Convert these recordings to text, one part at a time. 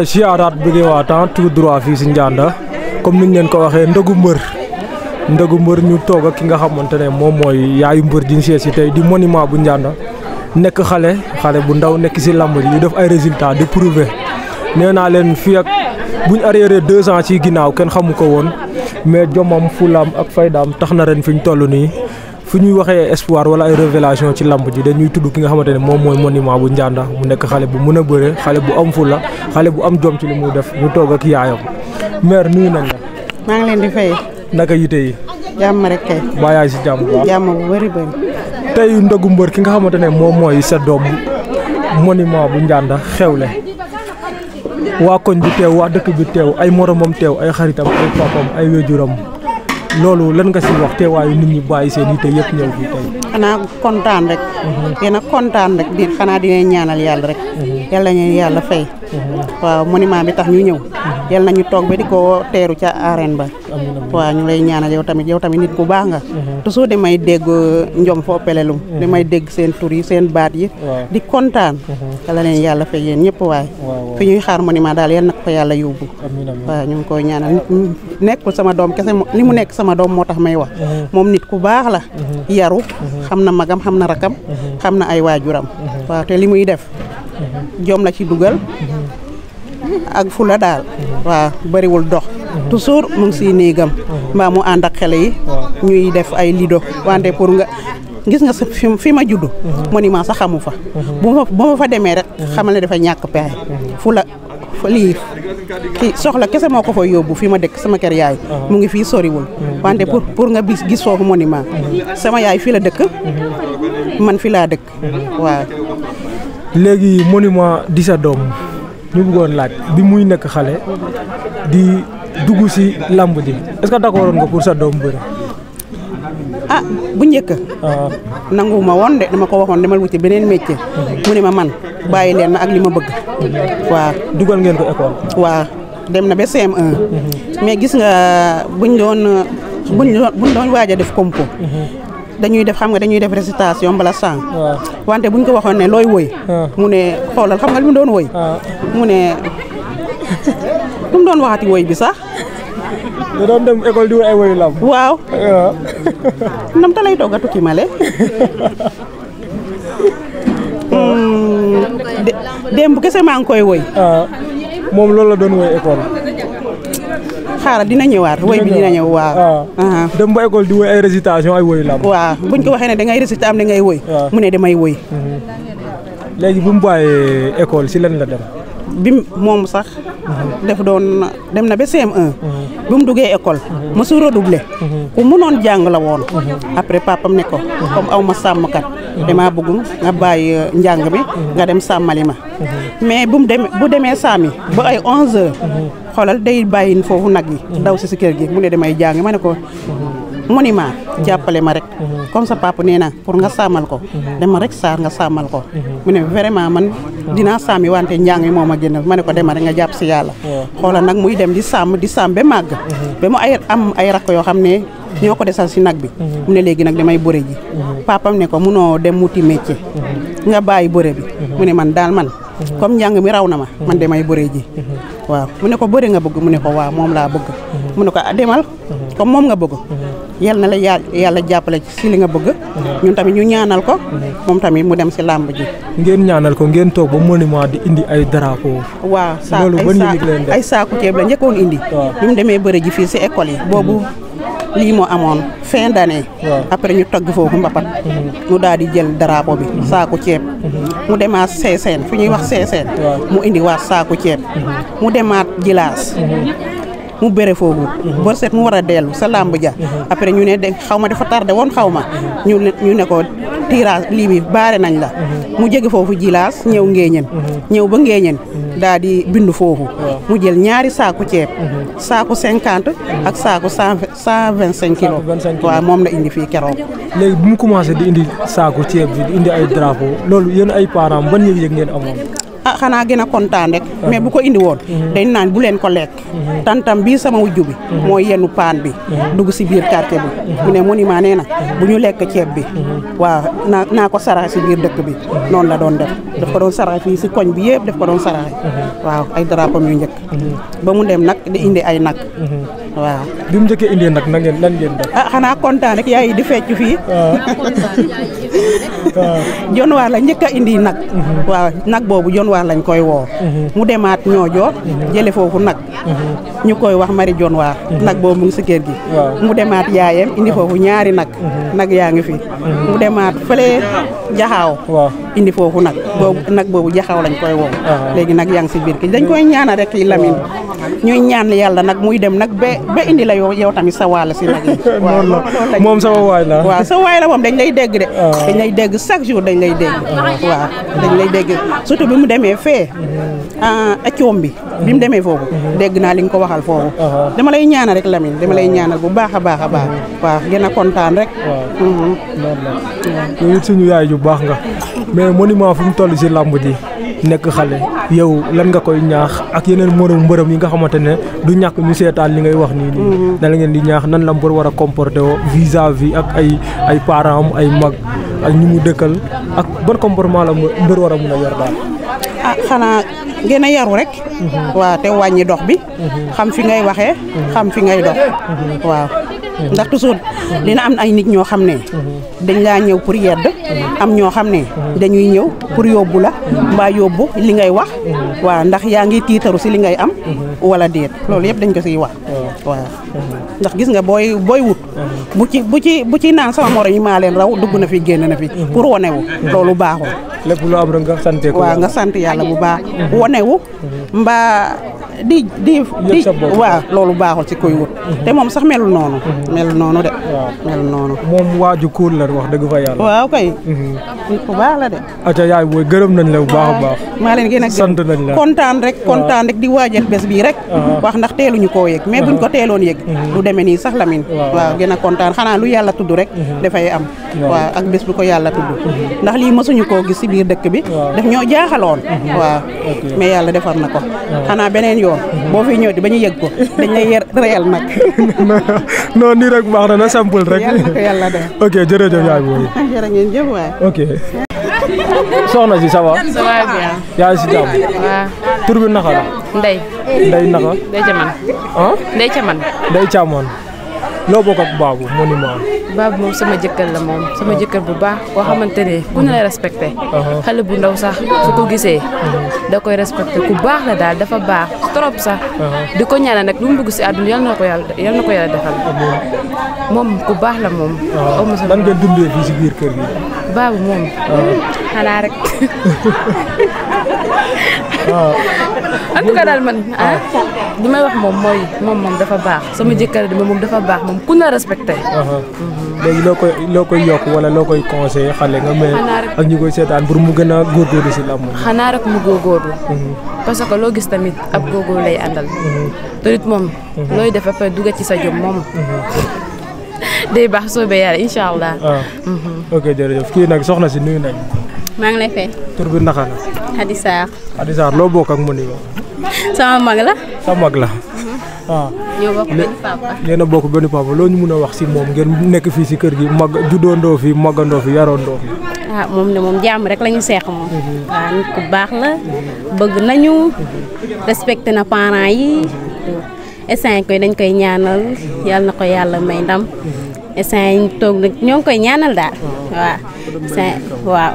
Siarat bëggee waataan tout droit fii si Ndianda comme niñ leen ko waxee ndëgu mbër ndëgu mbër ñu toog ki nga yaayu di si tey di monument bu Ndianda nek xale xale bu ndaw nek si lamb ji def ay di prouver nee naa leen fii ak buñ arriéré deux ans ci ginnaaw kenn xamu ko mais jomam fulam ak ren fu ñuy waxee espoir wala ay révélation ci lamb ji dañuy tudd ki nga xamante ne moom mooy monument bu Ndianda mu nekk xale bu mun a bëre xale bu am fulla xale bu am jom ci li muy def mu toog ak yaayam mère nuyu nañ la. maa ngi leen naka yi. jàmm rek kay. mbaa tey ndogu mbër ki nga xamante ne moom mooy sa doom monument bu Ndianda xewle. waa koñ bi teew waa dëkk bi teew ay moromam teew ay xaritam ay papam ay wéjuram loolu lan nga si waxte teewaayu nit ñi bàyyi seen yi te yëpp ñëw fii tey. xanaa kontaan rek. Mhm. yéen a kontaan rek xanaa dinañ ñaanal yàlla rek. Mhm. yàlla ñu yàlla fay. waaw monument bi tax ñu ñëw yal nañu toog ba di ko teeru ca arène ba waaw ñu lay ñaanal yow tamit yow tamit nit ku baax nga toujours damay dégg njom fo pelelum damay dégg seen tur yi seen baat yi di kontaan la leen yàlla fay yéen ñëpp waay fi ñuy xaar monument daal yal na ko yàlla yóbbu waaw ñu ngi koy ñaanal nekku sama doom kese li mu nekk sama doom moo tax may wax moom nit ku baax la yaru xam na magam xam na rakam xam na ay waajuram waaw te li muy def jom la ci dugal ak fula wa bari wul dox toujours mu ngi siy néegam mbaa mu and ak xale yi ñuy def ay lido wante pour nga gis nga fi ma judd ma sax xamu fa bu ma fa demee rek xamal ne dafa ñak pay fula fali ki soxla kese moko fa yobbu fi ma dekk sama kër yaay mu ngi sori wul wante pour pour nga bis gis moni ma. sama yaay fi la dekk man fi la dekk wa légui monument di dom ñu bëggoon laaj bi muy nekk xale di dugg si lamb di est ce que d' nga pour sa doom bëri ah bu njëkk ah. nanguwuma woon de dama ko waxoon demal wuti beneen métier mhm. mu ne ma man bàyyi leen ma ak li ma bëgg mhm. waaw dugal ngeen ko école waaw dem na ba CM1 mhm. mais gis nga buñ doon buñ doon buñ doon def compo dañuy def xam nga dañuy def récitation bala sang wante buñ ko waxoon ne looy woy mu ne xoolal xam nga lu mu doon woy mu ne lu mu doon waxati woy bi sax da doon dem école di ay woyu lam waaw nam ta lay togga tukki male hmm, démb kese maa ngi koy woy ah, moom loolu la doon woy école xaaral dina ñëwaat woy bi dina ñëw waaw uh-huh. dem ba école di woy ay récitation ay woy lamb waaw buñ ko waxee ne da ngay récité am da ngay woy mu ne damay woy mm-hmm. léegi bu mu bàyyee école si lan la dem bi moom sax def doon dem na ba cm bi mu duggee école mësu redoublé ku mënoon jàng la woon après papam ne ko comme aw ma sàmmkat damaa bëgg nga bàyyi euh, njàng mi nga dem sàmmali ma mais bu mu demee bu demee sàmmi ba ay 11 heures xoolal day bàyyin foofu nag yi daw si si kër gi mu ne damay jàng ma ne ko monument jàppale ma rek mhm. comme sa papa nee na pour nga sàmmal ko mhm. ma rek saar nga sàmmal ko mhm. mu ne vraiment man dinaa sàmmi wante njàng mi moom a génn ma ne ko dema rek nga jàpp si yàlla xoolal nag muy dem di sàmm di sàmm ba màgg ba mu ay am ay rakk yoo xam ne ñoo ko desal si nag bi mu léegi nag damay bëre ji papam ne ko munoo dem wuti métier nga bàyyi bëre mu ne man daal man comme njàng mi raw na ma man damay bëre ji waaw mu ne ko bëre nga bëgg mu ne ko waaw moom laa bëgg mu ne ko ah, demal comme mom nga bëgg mhm. yal na la ya-, yàlla jàppale si li nga bëgg mhm. ñun tamit ñu ñaanal ko mom mhm. tamit mu dem ci lamb ji ngeen ñaanal ko ngeen tok ba monument di indi ay drapo wa sa ay sa ku ceeb la njëkkoon indi ñu démé bëre ji fi ci école yi bobu li mo amone fin d'année après ñu togg fofu mbapat mu daal di jël drapo bi sa ku ceeb mu demaat seeseen fu ñuy wax seeseen mu indi wa sa ku ceeb mu demaat jilaas mu bëre foofu bor set mu war a dellu sa làmb ja après ñu ne de xaw ma dafa tardé woon xaw ma ñu ñu ne ko tirage baare nañ la mu jege foofu jilaas ñëw ngeeñeen ñëw ba ngeeñeen daal di bindu foofu mu jël ñaari saaku ceeb saaku cinquante ak saaku cent vingt cinq kilos waaw moom la indi fii keroog léegi bu mu commencé di indi saaku ceeb bi di indi ay drapeau loolu yéen ay parents ban yëg-yëg ngeen amoon Ah, xana gëna gën rek mais bu ko indi won mhm. dañ nan bu len ko lek mhm. tantam bi sama mhm. wujju bi moy yenu pan bi dug ci biir quartier bi mu ne monument neena na bu ñu bi wa na ko sarax ci biir dekk bi non la doon def daf ko doon sarax fii si koñ bi yëpp daf ko doon sarax wa ay drapam yu ñëk ba mu dem nak di indi ay nak wa bi mu jëkke indi nak na ngeen lan ngeen def xana ah, xanaa rek yaay di fecc fi ah. jon waar la njëkk a indi nag mhm. waaw nag boobu jon waar lañ koy woo mhm. mu demaat ñoo ñoojoor mhm. jële foofu nag ñu koy wax mari jon waar nag boobu mu ngi si kër gi mu demaat yaayem indi foofu ñaari nag nag yaa ngi fi mu demaat fële jaxaaw indi foofu nag boobu nag boobu jaxaaw lañ koy woo léegi nag yaa ngi si biir kër dañ koy ñaana rek yi lamin ñuy ñaan yàlla nag muy dem nag ba ba indi la yow yow tamit sa wàll si nag moom sama waay la sa waay la moom dañ lay dégg de dañ lay dégg chaque jour dañ lay dégg ah, waaw dañ lay dégg surtout bi mu demee fee acoom ah, bi bi mu demee foofu dégg naa li nga ko waxal foofu uh-huh. dama lay ñaanal rek Lamine dama lay ñaanal bu baax a baax a baax baax gën a kontaan rek mm-hmm. yow suñu yaay ju baax nga mais monument fu mu toll si làmb ji nekk xale yow lan nga koy ñaax ak yeneen mërëm mbërëm yi nga xamante ne du ñàkk ñu seetaan li ngay wax nii nii da mm-hmm. la ngeen di ñaax nan la mbër war a comporter vis-à-vis ak ay ay parents am ay mag ak ñu mu dëkkal ak ban comportement la mbeur wara mëna mun yor daal ah xana gëna yaru rek wa té wañi dox bi mhm. xam fi ngay waxé mhm. xam fi ngay dox mhm. waaw ndax toujours dina am ay nit ñoo xamné dañ la ñëw pour yedd am ñoo xamné dañuy ñëw pour yobbu la mba yobbu li ngay wax wa ndax ya ngi tiitaru si li ngay am wala deet loolu yëpp dañ ko siy wax wa ndax gis nga boy boy wut bu ci bu ci bu ci naan sax morom yi maaleen leen raw dugg na fi génn na fi pour wanewu loolu baaxul lépp lu am rek nga sant ko waaw nga sant yàlla bu baax wanewu mbaa di di di waaw loolu baaxul ci koy wut moom sax melul noonu melul noonu de melul noonu moom waaju kóol la wax dëgg fa yàlla waaw kay mhm. ku baax la de aca yaay booy gërëm nañ la bu baax a baax maa leen gën a sant nañ la kontaan rek kontaan rek di waajal bés bii rek wax ndax teeluñu koo yëg mais buñ ko teeloon yëg mhm. du demee nii sax lamin waaw gën a kontaan xanaa lu yàlla tudd rek mhm. dafay am waaw ak bés bu ko yàlla tudd mhm. ndax lii mësuñu koo gis si biir dëkk bi daf ñoo jaaxaloon mhm. waaw mais yàlla defar na ko xanaa beneen yoon boo fi ñëw ba ñu yëg ko dañ lay yer reyal nag non nii rek baax na na simple rek yàlla de ok jërëjëf yaay booy ngeen jëf waay ok soxna si ça va. ça va si jàmm. waaw. tur bi naka la. Ndeye. Ndeye naka. Ndeye Thiamane. Ah? loo bokk ak Babou moo ni ma am. moom sama jëkkër la moom sama jëkkër bu baax koo xamante ne ku ne lay respecté. Uh-huh. xale bu ndaw sax su ko gisee. Uh-huh. da koy respecté ku baax la daal dafa baax trop sax. Uh-huh. di ko ñaanal nag lu mu bëgg si àdduna yal na ko yàlla yal na ko yàlla defal. moom ku baax la moom. waaw lan nga dundee fii si biir kër gi. Babou moom. xanaa rek. en tout cas daal man ah, ah. may wax moom mooy moom moom dafa baax sama jëkkër di moom dafa baax moom ku na respecte uh-huh. léegi loo koy loo koy yokk wala loo koy conseillé xale nga mais ak ñu koy seetaan pour mu gën a góorgóorlu si làmb. xanaa rek mu góorgóorlu. Uh-huh. parce que loo gis tamit ab lay àndal. Uh-huh. it moom. looy def ba ci sa jom moom. day baax soobee yàlla incha allah. Ah. Mm-hmm. ok jërëjëf kii nag soxna si nuyu nañ. maa ngi lay fay. tur bi naka la. Hady Sarr. ak sama mag la. sama mag la. waaw mhm. ah. ñoo bokk benn papa. Waksi a bokk benn papa ñu wax ngeen nekk kër gi mag Judo fi magandoo fi yaroondoo fi. ah moom ne moom jàmm rek la ñu seex moom. Mhm. Ah, nit ku baax la. Mhm. bëgg nañu. respecté na parents yi. essence koy dañ koy ñaanal yàlla may ndam. essence toog nag ñoo koy ñaanal daal. Ah. waaw waaw.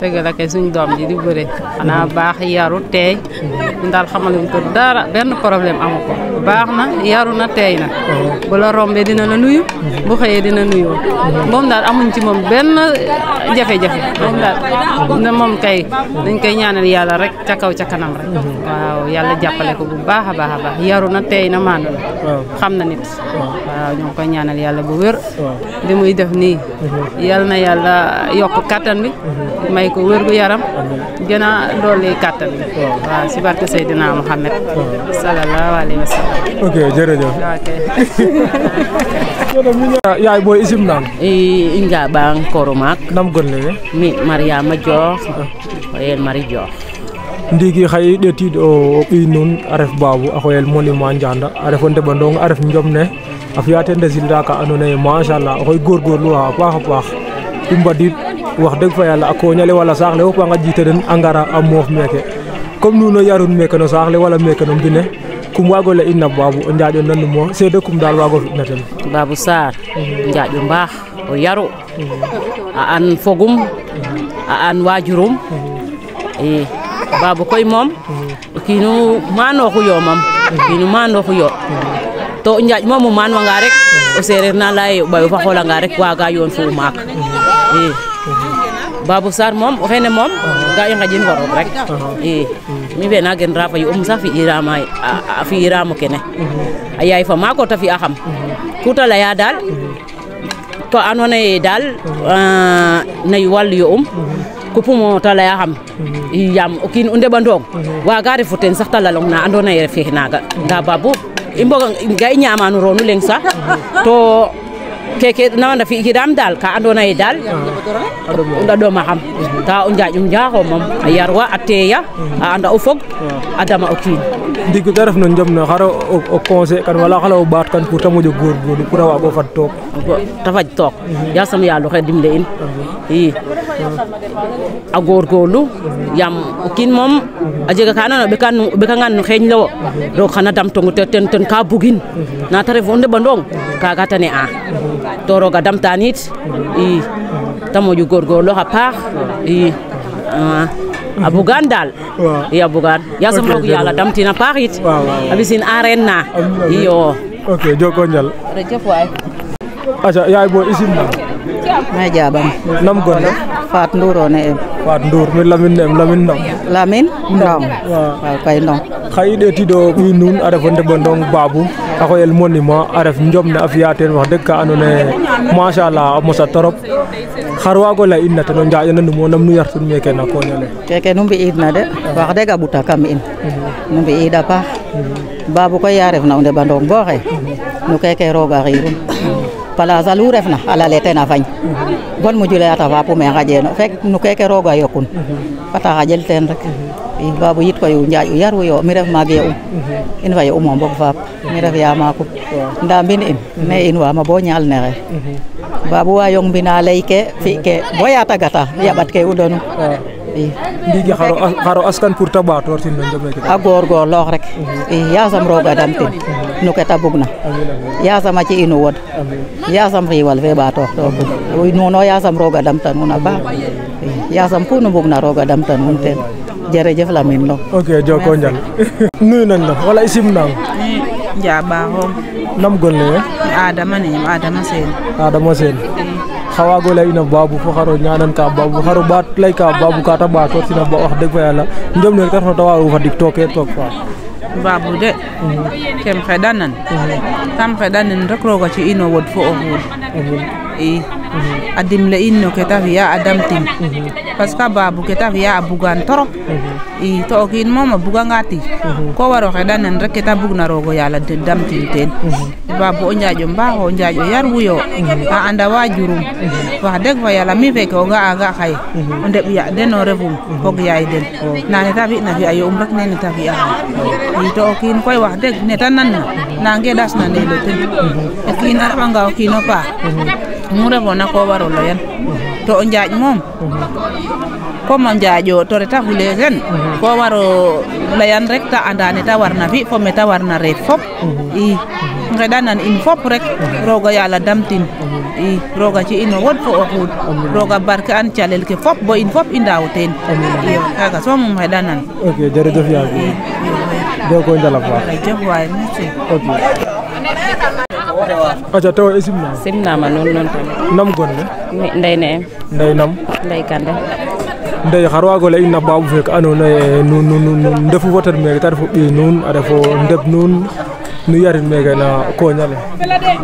dëgg la kay suñ doom ji di bëré ana baax yaru teey ñun daal xamal ko dara benn problème amu ko baax na yaru na teey na bu la rombé dina la nuyu bu xeyé dina nuyu mom dal amuñ ci mom benn jafe-jafe mom dal na mom kay dañ koy ñaanal yalla rek ca kaw ca kanam rek waaw yalla jappalé ko bu baax baax baax yaru na teey na maandu xam na nit waaw ñu koy ñaanal yalla bu wër li muy def ni yalla na yalla yok katan bi may ko wér gu yaram gën a dolli kàttan bi si barke Seydina Mohamed sallallahu alayhi wa sallam ok jërëjëf yaay boy isim nam inga bang koromak nam gon Mi mi mariama jox ah. oyel mari jox ndigi xay deti do bi nun aref babu akoyel monument janda aref onte ndong aref ne. afiyate ndezilda ka anone ma sha Allah koy gor gor lu ha baax baax imbadit wax dëgg fa yàlla a koñale walla saax le fop a a ngara a moof meeke comme nuuno yarun meeke no saax walla meeke no mbine kum waago lay in na Babou o Ndiadio nannumo seede kum daal waago fi'na ten Babou Sarr Ndiadio mbaax o yaru a an fogum a an waajurum i e Babou koy moom o kiinu maanooxu yoo mam o kiinu maanooxu yoo to o moom o maanwanga rek o seereer na layaa yee o ɓayo fa xoolangaa yoon fo o maak e babu sar mom o xene mom ga i ngajin fo roog rek i mm-hmm. mi fe na gen ra fa yu'um fi fi'irama a fi'iramo kene mm-hmm. a yaay fa maako te fi'a xam mm-hmm. laya dal to ando dal, daal euh, na wal yu'um um. kupumo ta laya xam yam okin kiin o ndeɓandong waaga refu sax na ando naye refe ga babu i mboga ga i ñamano roonu leng to keke na fi kiram dal ka andona e dal ya, eh? nda do ma xam hmm. ta o njaajum jum mom ko mom yar wa ateya hmm. anda o fog adama ya. o kiin ndigu ta ref no njom no xaro o conse kan wala xala o baat kan pour ta moƴo goor goorlu pour wa waago fat tok ta faj hmm. ya sam ya lu xe dimle in i a goor goorlu yam o kiin mom a jega ka andoona o ɓekangan no xeeñ lo roog xana damtongu ten ten ka bugin na ta ref o ndeɓandong ka tane a to roga damtaan it i ta moƴo goorgoorloox a paax i a bugaan daal i a bugaan yaasam roog Yàlla a paax a ɓisin aareer na iyo ok joko njal jërëjëf waay yaay bo i simna maxey jaɓang nam gonle Fatou Ndourone em Fatou Ndour mi Lamine Ndem Lamine Ndom Lamine Ndom waaw kay Ndom nun a ref o ndeɓandong Babou a xoyel monument a ref njom ne a fiya wax deg ka andoona yee machallah a mosa trop xar waago lay in na ten o njaƴananum o nam nu yartun meeke na koñ ale keke nu mbi'idna de wax kam in keke place a refna a lale ten a fañ bon mo juleyata fapu me xaƴeno fek no keke rooga yokun fata xaƴel ten rek i babu yit koy njaƴ u yaru yo mi ref maag ye um in fa ye umo mbog faap mi ref ya makum nda mbin in me in ma bo ñaal nexe babu wa yong mbina ley ke fi ke bo yata gata yabat ke u donum ndigi xaro askan pour te ɓaatoor tin no a ne a goorgoorloox rek i yaasam rooga damtin no ke ta bugna yaasam a ci'inu wod yaasam xiiwal fe ɓaatoox to nuun o yaasam rooga damta nuun a paax yaasam ku nu mbugna rooga damta nuun ten jerejef Lamine Long ok joko njal nuyu nan no wala i simnang njaaɓaaxoom nam gon le ye Adama neem Adama Seen Adama Seen xawaago layina babu fo xaro ñanan ka babu xaro ɓaat lay ka babu ka ta ɓaatoor sina ba wax deg fa yala njom ne ka ta waago fadik tooke took fa babu de mhm. kem xeɗanan mhm. kam xeɗanin rek rooga ci in wod fo o xuud mhm. i a dimle in no ke ta fiya a damtin parce que ba bu keta via a toro mhm. i to okin mom a buga ngati mhm. ko waro dan en rek keta bugna rogo yala de dam tin ten bu o njaajo ba o njaajo yar wuyo mhm. a anda wajurum wa deg wa yala mi ve ko ga aga xaye o ndeɓ ya den o refum fog yaay den ne ta bi na bi ayo umrak ne nene ta bi a ya. i to o koy deg neta nanna nange ɗasna ndelo ten o kiin a reɓanga o kiino pa mu bona ko waro yan to o njaaƴ moom comme o to reta fule sen ko waro leyan rek te anda nete warna fi fo mete warna reef fop i ngeɗanan in fop rek rooga yaal a damtin i rooga ci in o wod fo o xuud rooga barke an calel ke fop bo in fop i ndaaw teen i kaaga soomum xeɗanan nam gon le ndey ne ndey nam ndey kande ndey xar waago lay na baabu fek andoona nu nu nu ndefu voter meeke ta refu ɓiy nuun a refo ndeb nuun nu yarin meeke na kooñale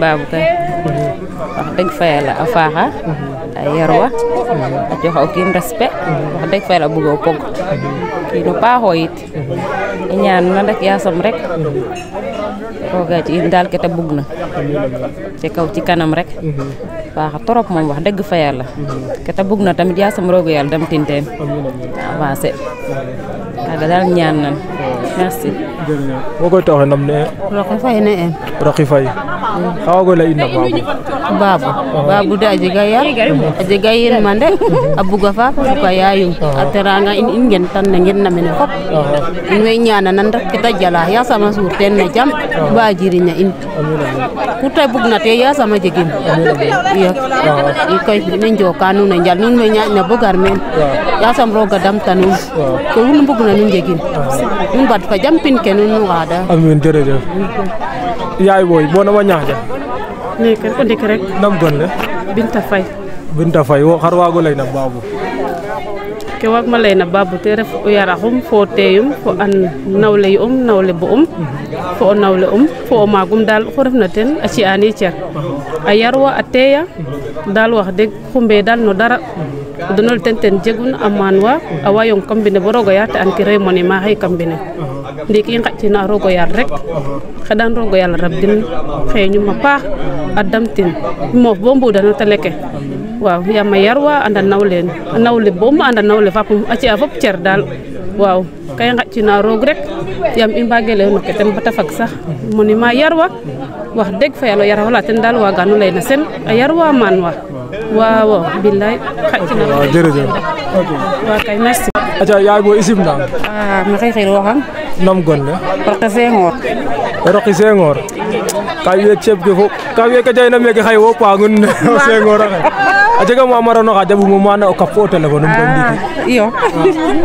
baabu kay wax dëgg fa yàlla a faaxa a yarwa a joxa o kiin respect wax dëgg fa yàlla bëgg o pog kiino paaxoo yit na rek yaasam rek foogaa ci daal kete bugg na ci kaw ci kanam rek mhm. baax trop moom wax dëgg fa yàlla mhm. kete bugg na tamit yaasam roogu yàlla dam tinteen avancé kaaga daal ñaan nan merci jërëjëf wogoy tawaxe nam ne Roqi Faye ne Roqi Faye mm. xa waago lay in baabu babu babu da ajegaya ajegayin mande abu gafa ko yayung ateranga in in gen tan ngen oh. na mena ko in we nyana nan rek kita jala ya sama surten na jam oh. ba jirinya in bug na te ya sama jegim iya ikai nen jo kanu na jal nun me nya na bugar men oh. ya sam ro gadam tanu ko bug na nun jegim nun bat fa jam pin kenun wada ada amin dere yaay boy bona ma nyaaja ne ken o ndik rek nam gon Binta Faye Binta Faye wo xar waago lay na baabu ke waagma lay na baabu te ref o yaraxum fo o teeyum fo an nawle yu um, nawle bo um, fo o nawle um fo o maagum daal oxu refna teen a ci'aan i cer a yarwa a teeya daal wax deg xumbe daal no dara o donol teen ten jegun a maan wa a waa kam mbine bo roog o yaate an ke rew monument xaye kam mbine ndiiki i ngaƴtina roog o yaal rek xeɗan roog o yaal rabdin xeeñum a paax a damtin i moof bo mbuudano télé ke waaw yaam a yarwa and a nawleen a nawle bom and a nawle fapum a ci'a fop cer daal waaw ka i ngaƴcina roog rek yaam i mbaage layo no ke ten bata fag sax monument yarwa wax deg fa yalo yara xola ten daal waagano lay na sen a yarwa maan wa waaw bilaay xaƴcina jërëjëf kay merci aca yaay bo i simnang ah, maxey xirooxang nam gonle roqe Senghor roqi Senghor ka week ceeb ke fop ka week a jayna meke xaye wo paangun Senghor a xay a jega ma maroona xa mo mana o kap fo o téléphone um comme ndiiki ah, iyo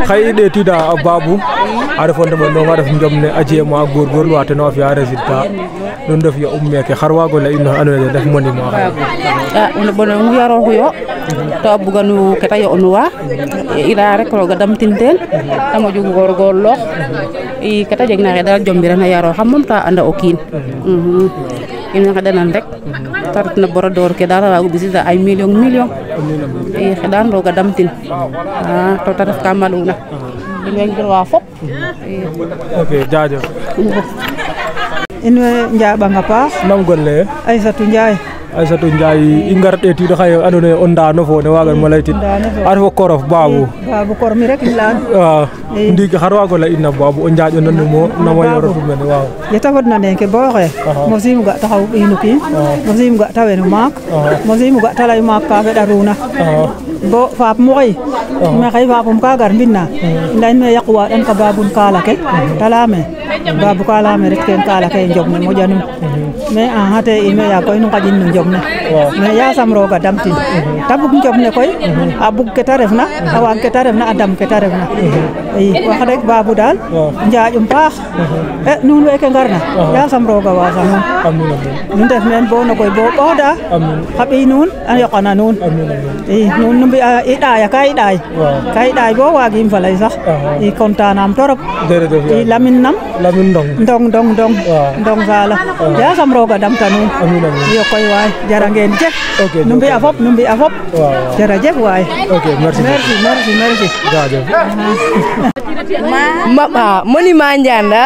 xay i ɗeetiida babou a refo ndeɓandoong a ref njom ne a gor a goorgoorluwa ten a fi'a résultat nun ndef ya um meeke xar waago lay in no andoona yee def monima xaye ngi yaro ko yo to bu ganu ke ke on wa ila rek ro tintel damtin teen gor gor lo i kata jegna re dal daal jombiran yaro xam mom ta anda o kiin hmm. mhm ina xedanan rek te retna bora door ke daal a waago ɓisida ay million million i xeɗan rooga damtin a to te ref ka maluna in way ngirwa fop ok jaajëf in way njaɓanga paax nam gon leye aissatou aissatou ndiaye i ngar ɗeetiid xaye andoona yee onda ndaano fo ne waagan ma laytin a ref o korof babu babu kor mi rek layan waaw ndiig xar waag o ley'in na babu o njaaƴo nanumo nama yoorofu mene waaw ye ta fodna neeke bo xee mosiim ga ta xaw ɓiinu kiin mosiim ga ta wenu maak mosiim ga ta lay maak ka feɗaruna bo fap mu xëy me xëy faapum ka gar me yaqwaɗan ka babun kala ke ta layaame babu kala me ret ken kaala ke njog ne moƴanum me a hate ime ya koy nu kadin nu jomne me ya sam roga damtin tabuk jomne koy a bug ke tarefna a wag ke tarefna a dam ke tarefna i wax rek babu dal njaajum paax e nun weke ngarna ya sam roga wasa nun nu ndef men bo no koy bo ɓooda xa ɓiy nun a yoqana nun i nun nu mbi'a i ɗaaya ka i ɗaay ka i ɗaay bo waagim faley sax i contanam torop i lamin nam lamin dong dong dong dong sala ya sam roga dam tanu yo koy way jara ngeen jef nu mbi'a fop nu mbi'a fop jara jef waay merci merci merci ma ma moni ma Ndianda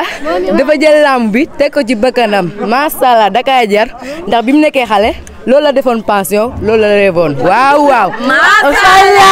dafa jël lamb bi te ko ci ma sala da kay jar ndax bi nekké xalé xale loolu la defoon pension loolu la reevoon waaw waaw masala